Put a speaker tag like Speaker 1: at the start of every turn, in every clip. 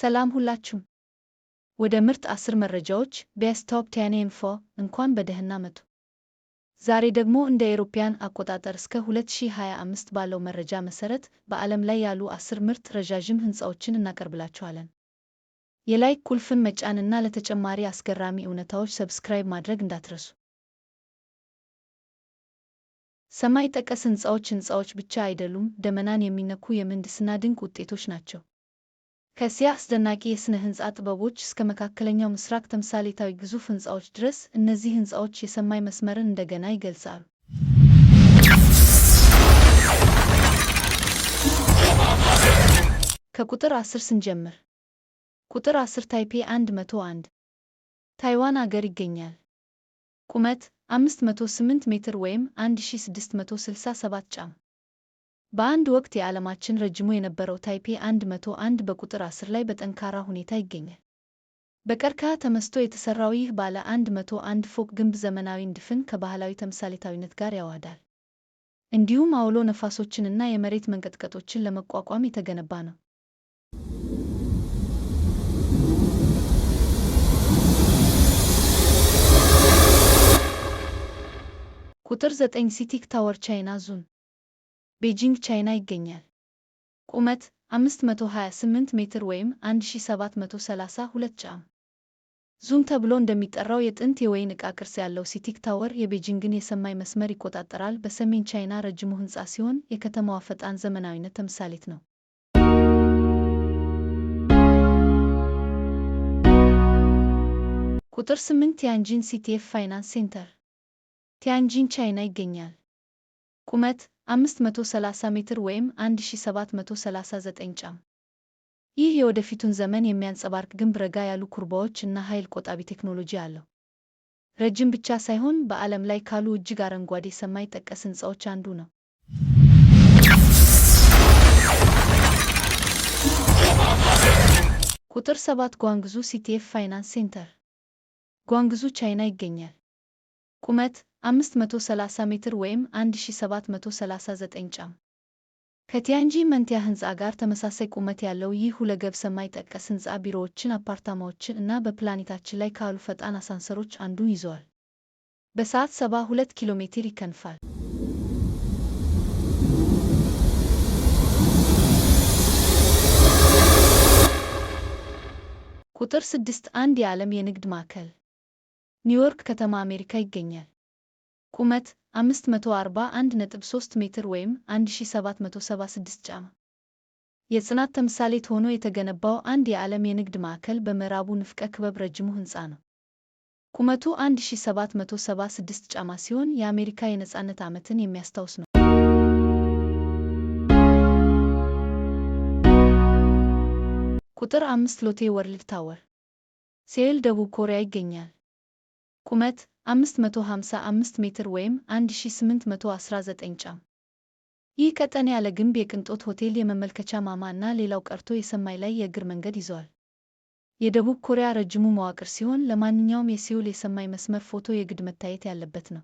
Speaker 1: ሰላም ሁላችሁም! ወደ ምርጥ አስር መረጃዎች ቢያስ ቶፕ ቴን ኢንፎ እንኳን በደህና መጡ። ዛሬ ደግሞ እንደ አውሮፓውያን አቆጣጠር እስከ 2025 ባለው መረጃ መሰረት በዓለም ላይ ያሉ አስር ምርጥ ረዣዥም ሕንፃዎችን እናቀርብላችኋለን። የላይክ ቁልፍን መጫንና ለተጨማሪ አስገራሚ እውነታዎች ሰብስክራይብ ማድረግ እንዳትረሱ። ሰማይ ጠቀስ ህንፃዎች ህንፃዎች ብቻ አይደሉም፣ ደመናን የሚነኩ የምህንድስና ድንቅ ውጤቶች ናቸው። ከእስያ አስደናቂ የሥነ ሕንፃ ጥበቦች እስከ መካከለኛው ምስራቅ ተምሳሌታዊ ግዙፍ ሕንፃዎች ድረስ እነዚህ ሕንፃዎች የሰማይ መስመርን እንደገና ይገልጻሉ። ከቁጥር 10 ስንጀምር፣ ቁጥር 10 ታይፔ 101 ታይዋን አገር ይገኛል። ቁመት 508 ሜትር ወይም 1667 ጫም በአንድ ወቅት የዓለማችን ረጅሙ የነበረው ታይፔ 101 በቁጥር 10 ላይ በጠንካራ ሁኔታ ይገኛል። በቀርከሃ ተመስቶ የተሰራው ይህ ባለ 101 ፎቅ ግንብ ዘመናዊ ንድፍን ከባህላዊ ተምሳሌታዊነት ጋር ያዋህዳል። እንዲሁም አውሎ ነፋሶችንና የመሬት መንቀጥቀጦችን ለመቋቋም የተገነባ ነው። ቁጥር 9 ሲቲክ ታወር ቻይና ዙን ቤጂንግ ቻይና ይገኛል። ቁመት 528 ሜትር ወይም 1732 ጫም። ዙም ተብሎ እንደሚጠራው የጥንት የወይን ዕቃ ቅርጽ ያለው ሲቲክ ታወር የቤጂንግን የሰማይ መስመር ይቆጣጠራል። በሰሜን ቻይና ረጅሙ ሕንፃ ሲሆን የከተማዋ ፈጣን ዘመናዊነት ተምሳሌት ነው። ቁጥር 8 ቲያንጂን ሲቲኤፍ ፋይናንስ ሴንተር ቲያንጂን ቻይና ይገኛል። ቁመት 530 ሜትር ወይም 1739 ጫም። ይህ የወደፊቱን ዘመን የሚያንጸባርቅ ግንብ ረጋ ያሉ ኩርባዎች እና ኃይል ቆጣቢ ቴክኖሎጂ አለው። ረጅም ብቻ ሳይሆን በዓለም ላይ ካሉ እጅግ አረንጓዴ ሰማይ ጠቀስ ሕንፃዎች አንዱ ነው። ቁጥር 7 ጓንግዙ ሲቲኤፍ ፋይናንስ ሴንተር ጓንግዙ ቻይና ይገኛል። ቁመት 530 ሜትር ወይም 1739 ጫም። ከቲያንጂ መንቲያ ሕንፃ ጋር ተመሳሳይ ቁመት ያለው ይህ ሁለገብ ሰማይ ጠቀስ ሕንፃ ቢሮዎችን፣ አፓርታማዎችን እና በፕላኔታችን ላይ ካሉ ፈጣን አሳንሰሮች አንዱን ይዘዋል። በሰዓት 72 ኪሎ ሜትር ይከንፋል። ቁጥር 6 አንድ የዓለም የንግድ ማዕከል ኒውዮርክ ከተማ አሜሪካ ይገኛል። ቁመት 541.3 ሜትር ወይም 1776 ጫማ። የጽናት ተምሳሌት ሆኖ የተገነባው አንድ የዓለም የንግድ ማዕከል በምዕራቡ ንፍቀ ክበብ ረጅሙ ሕንፃ ነው። ቁመቱ 1776 ጫማ ሲሆን የአሜሪካ የነፃነት ዓመትን የሚያስታውስ ነው። ቁጥር አምስት ሎቴ ወርልድ ታወር ሴል ደቡብ ኮሪያ ይገኛል። ቁመት 555 ሜትር ወይም 1819 ጫም። ይህ ቀጠን ያለ ግንብ የቅንጦት ሆቴል የመመልከቻ ማማ እና ሌላው ቀርቶ የሰማይ ላይ የእግር መንገድ ይዘዋል። የደቡብ ኮሪያ ረጅሙ መዋቅር ሲሆን ለማንኛውም የሲውል የሰማይ መስመር ፎቶ የግድ መታየት ያለበት ነው።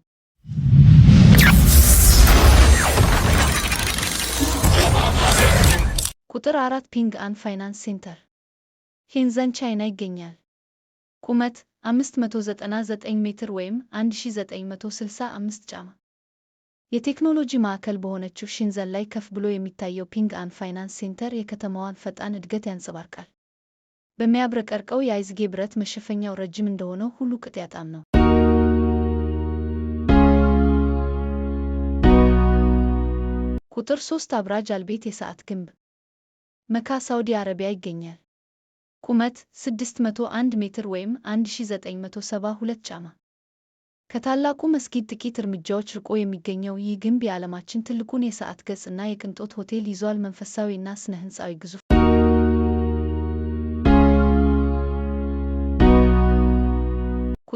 Speaker 1: ቁጥር አራት ፒንግ አን ፋይናንስ ሴንተር ሄንዘን ቻይና ይገኛል። ቁመት 599 ሜትር ወይም 1965 ጫማ። የቴክኖሎጂ ማዕከል በሆነችው ሽንዘን ላይ ከፍ ብሎ የሚታየው ፒንግ አን ፋይናንስ ሴንተር የከተማዋን ፈጣን እድገት ያንጸባርቃል። በሚያብረቀርቀው የአይዝጌ ብረት መሸፈኛው ረጅም እንደሆነው ሁሉ ቅጥ ያጣም ነው። ቁጥር 3 አብራጅ አልቤት የሰዓት ግንብ መካ ሳውዲ አረቢያ ይገኛል። ቁመት 601 ሜትር ወይም 1972 ጫማ። ከታላቁ መስጊድ ጥቂት እርምጃዎች ርቆ የሚገኘው ይህ ግንብ የዓለማችን ትልቁን የሰዓት ገጽ እና የቅንጦት ሆቴል ይዟል። መንፈሳዊና ስነ ህንፃዊ ግዙፍ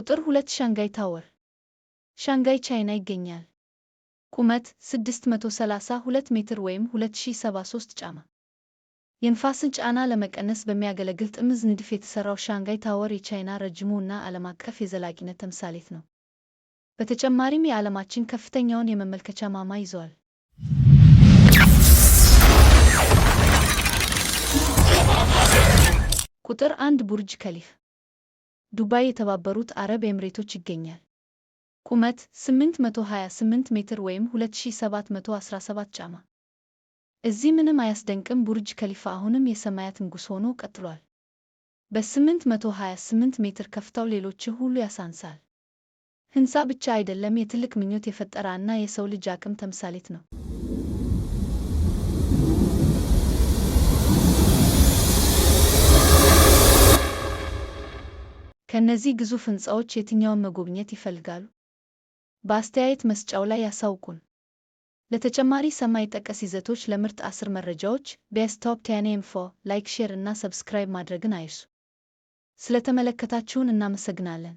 Speaker 1: ቁጥር 2 ሻንጋይ ታወር ሻንጋይ ቻይና ይገኛል። ቁመት 632 ሜትር ወይም 2073 ጫማ የንፋስን ጫና ለመቀነስ በሚያገለግል ጥምዝ ንድፍ የተሠራው ሻንጋይ ታወር የቻይና ረጅሙ እና ዓለም አቀፍ የዘላቂነት ተምሳሌት ነው። በተጨማሪም የዓለማችን ከፍተኛውን የመመልከቻ ማማ ይዘዋል። ቁጥር አንድ ቡርጅ ከሊፍ ዱባይ የተባበሩት አረብ ኤምሬቶች ይገኛል። ቁመት 828 ሜትር ወይም 2717 ጫማ እዚህ ምንም አያስደንቅም፣ ቡርጅ ከሊፋ አሁንም የሰማያት ንጉሥ ሆኖ ቀጥሏል። በ828 ሜትር ከፍታው ሌሎች ሁሉ ያሳንሳል። ሕንፃ ብቻ አይደለም፣ የትልቅ ምኞት የፈጠራ እና የሰው ልጅ አቅም ተምሳሌት ነው። ከእነዚህ ግዙፍ ሕንፃዎች የትኛውን መጎብኘት ይፈልጋሉ? በአስተያየት መስጫው ላይ ያሳውቁን። ለተጨማሪ ሰማይ ጠቀስ ይዘቶች ለምርጥ አስር መረጃዎች ቤስቶፕ ቴን ኢንፎ ላይክ፣ ሼር እና ሰብስክራይብ ማድረግን አይርሱ። ስለተመለከታችሁን እናመሰግናለን።